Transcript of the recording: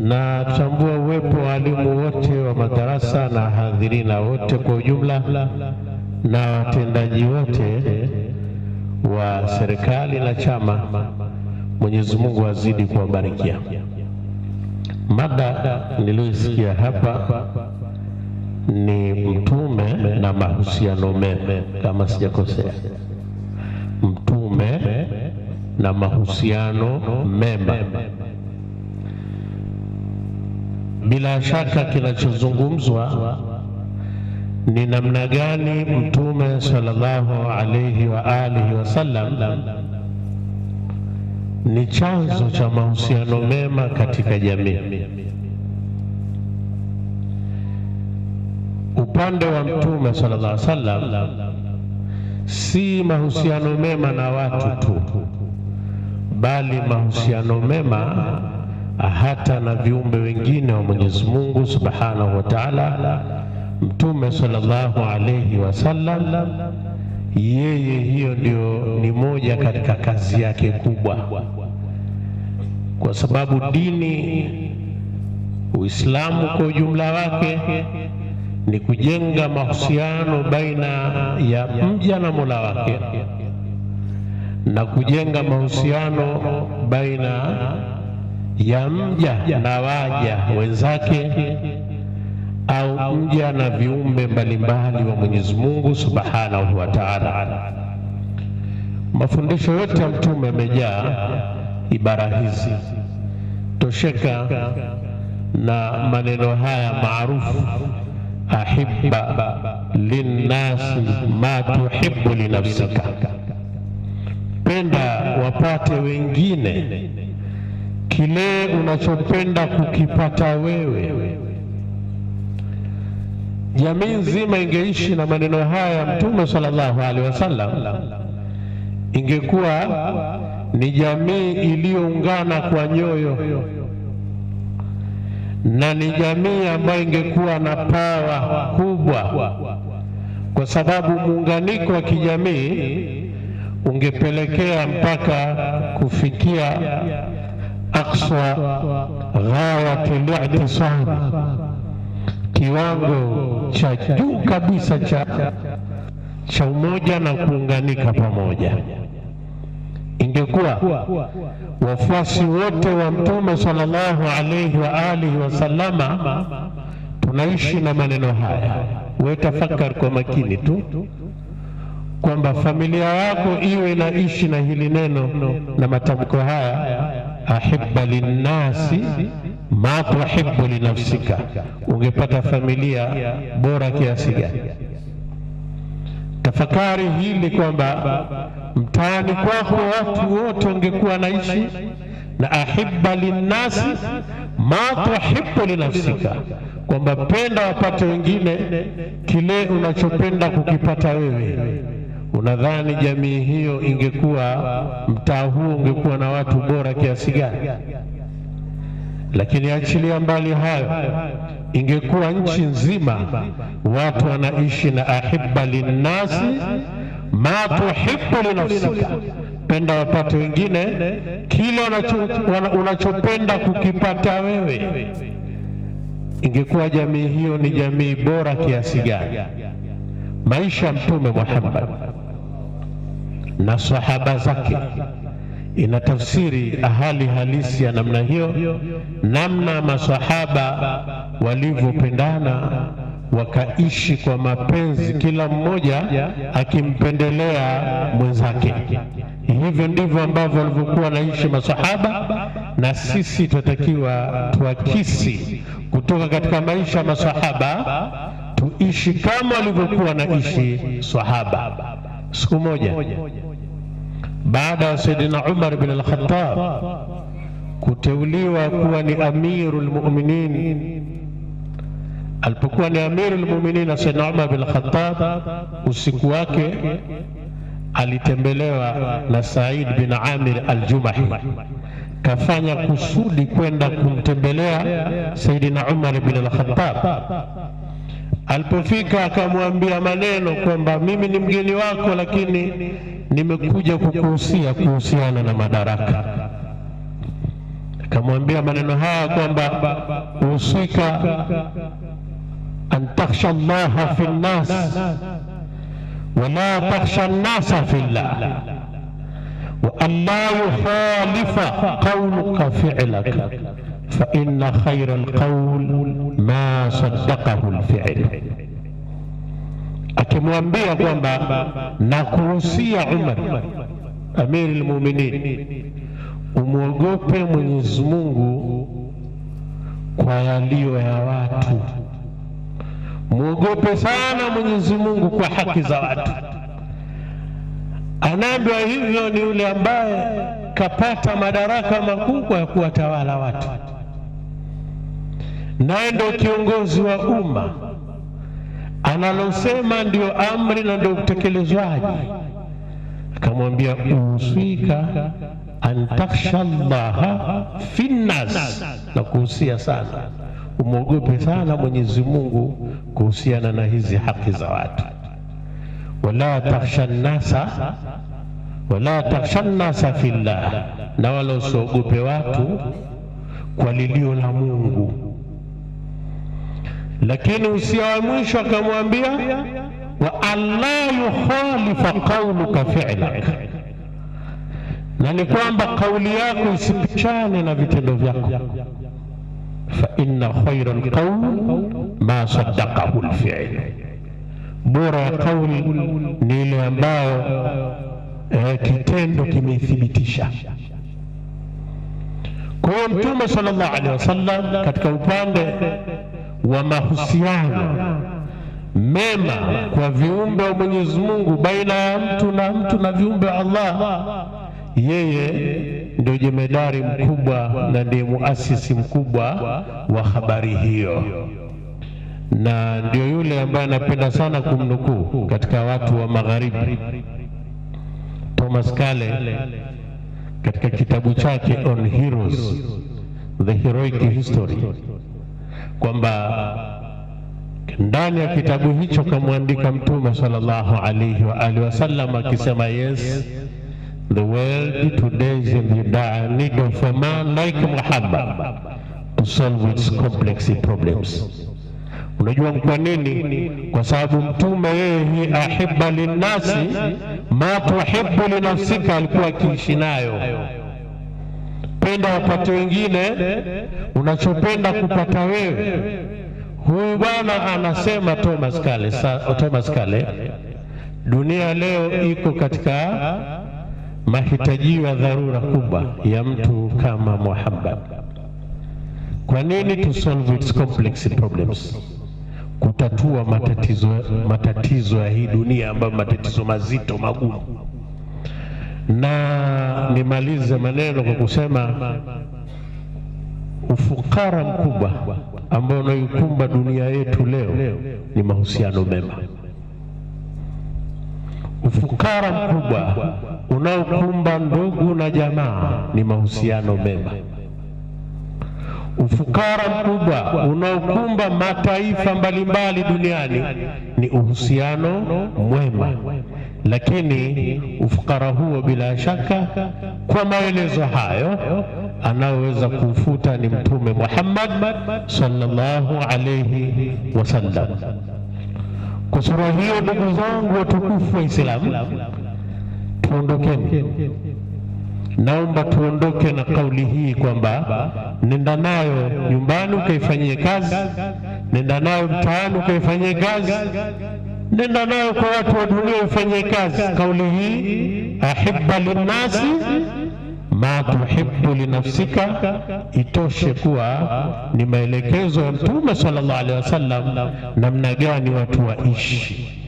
na kutambua uwepo wa walimu wote wa madarasa na hadhirina wote kwa ujumla na watendaji wote wa serikali na chama. Mwenyezi Mungu azidi kuwabarikia. Mada niliyoisikia hapa ni mtume na mahusiano mema, kama sijakosea, mtume na mahusiano mema. Bila shaka kinachozungumzwa ni namna gani Mtume sallallahu alayhi wa alihi wasallam ni chanzo cha mahusiano mema katika jamii. Upande wa Mtume sallallahu alaihi wasallam si mahusiano mema na watu tu, bali mahusiano mema hata na viumbe wengine wa Mwenyezi Mungu Subhanahu wa Ta'ala. Mtume sallallahu alayhi wasallam, yeye hiyo ndio ni moja katika kazi yake kubwa, kwa sababu dini Uislamu kwa ujumla wake ni kujenga mahusiano baina ya mja na Mola wake na kujenga mahusiano baina ya mja na waja wenzake au mja na viumbe mbalimbali wa Mwenyezi Mungu Subhanahu wa Ta'ala. Mafundisho yote ya Mtume yamejaa ibara hizi, tosheka na maneno haya maarufu ahibba linnasi ma tuhibbu linafsika, penda wapate wengine kile unachopenda kukipata wewe. Jamii nzima ingeishi na maneno haya ya Mtume sallallahu alaihi wasallam, ingekuwa ni jamii iliyoungana kwa nyoyo na ni jamii ambayo ingekuwa na pawa kubwa, kwa sababu muunganiko wa kijamii ungepelekea mpaka kufikia akswa ghayati litisami, kiwango cha juu kabisa cha cha umoja na kuunganika pamoja. Ingekuwa wafuasi wote wa Mtume sallallahu alaihi wa alihi wasallama tunaishi na maneno haya, we tafakari kwa makini tu kwamba familia yako iwe na ishi na hili neno na matamko haya, ahibba linnasi ma tuhibbu linafsika. Ungepata familia bora kiasi gani? Tafakari hili kwamba mtaani kwako watu wote wangekuwa naishi na ahibba linnasi ma tuhibbu linafsika, kwamba penda wapate wengine kile unachopenda kukipata wewe. Unadhani jamii hiyo ingekuwa, mtaa huo ungekuwa na watu bora kiasi gani? Lakini achilia mbali hayo, ingekuwa nchi nzima watu wanaishi na ahibba linnasi ma tuhibbu linafsika, penda wapate wengine kile unachopenda kukipata wewe. Ingekuwa jamii hiyo ni jamii bora kiasi gani? Maisha Mtume Muhammad na sahaba zake ina tafsiri hali halisi ya namna hiyo, namna masahaba walivyopendana wakaishi kwa mapenzi, kila mmoja akimpendelea mwenzake. Hivyo ndivyo ambavyo walivyokuwa wanaishi masahaba, na sisi tunatakiwa tuakisi kutoka katika maisha ya masahaba, tuishi kama walivyokuwa wanaishi sahaba. Siku moja baada ya Saidina Umar bin al-Khattab kuteuliwa kuwa ni amirul mu'minin, alipokuwa ni amirul mu'minin na Saidina Umar bin al-Khattab, usiku wake alitembelewa na Said bin Amir al-Jumahi, kafanya kusudi kwenda kumtembelea Saidina Umar bin al-Khattab Alipofika akamwambia maneno kwamba mimi ni mgeni wako, lakini nimekuja kukuhusia kuhusiana na madaraka. Akamwambia maneno haya kwamba uhusika an takhsha llaha fi nnas wala takhsha nnasa fi llah wa an la yukhalifa qauluka filaka fa inna khaira alqaul ma saddaqahu alfi'l, akimwambia kwamba nakuhusia Umar amiri lmuminin umwogope Mwenyezi Mungu kwa yaliyo ya watu, mwogope sana Mwenyezi Mungu kwa haki za watu. Anaambiwa hivyo ni yule ambaye kapata madaraka makubwa ya kuwatawala watu naye ndio kiongozi wa umma, analosema ndio amri na ndio utekelezwaji. Akamwambia uswika antakhsha llaha fi na kuhusia sana umwogope sana Mwenyezi Mungu kuhusiana na hizi haki za watu. wala takhsha nnasa wala takhsha nnasa fillah, na wala usiogope watu kwa lilio la Mungu lakini usia wa mwisho akamwambia, wa alla yukhalifa qauluka fi'lak, na ni kwamba kauli yako isipichane na vitendo vyako. Fa inna khayra alqawl ma saddaqahu alfi'l, bora ya kauli ni ile ambayo eh, kitendo kimeithibitisha. Kwa hiyo Mtume sallallahu alaihi wasallam katika upande wa mahusiano mema kwa viumbe wa Mwenyezi Mungu, baina ya mtu na mtu na viumbe wa Allah, yeye ndio jemedari mkubwa na ndiye muasisi mkubwa wa habari hiyo, na ndio yule ambaye anapenda sana kumnukuu katika watu wa magharibi Thomas Kale katika kitabu chake On Heroes, The Heroic History kwamba ndani ya kitabu hicho kamwandika Mtume sallallahu alaihi wa alihi wasallam akisema, yes the world today is in need of a man like Muhammad to solve its complex problems. Unajua kwa nini? Kwa sababu Mtume yeye ahibba linnasi ma tuhibbu linafsika, alikuwa akiishi nayo penda wapate wengine, unachopenda kupata wewe. Huyu bwana anasema Thomas Kale, Thomas Kale, dunia leo iko katika mahitaji ya dharura kubwa ya mtu kama Muhammad. Kwa nini to solve its complex problems, kutatua matatizo matatizo ya hii dunia ambayo matatizo mazito magumu na nimalize maneno kwa kusema ufukara mkubwa ambao unaikumba dunia yetu leo ni mahusiano mema. Ufukara mkubwa unaokumba ndugu na jamaa ni mahusiano mema. Ufukara mkubwa unaokumba mataifa mbalimbali duniani ni uhusiano mwema. Lakini ufukara huo bila shaka, kwa maelezo hayo, anaoweza kufuta ni Mtume Muhammad sallallahu alayhi wasallam. Kwa sura hiyo, ndugu zangu watukufu wa Islamu, tuondokeni. Naomba tuondoke na kauli hii kwamba nenda nayo nyumbani ukaifanyie kazi, nenda nayo mtaani ukaifanyie kazi nenda nayo kwa watu wa dunia ufanye kazi. Kauli hii ahibba linnasi ma tuhibbu linafsika itoshe kuwa ni maelekezo ya Mtume sallallahu alaihi wasallam namna gani watu waishi.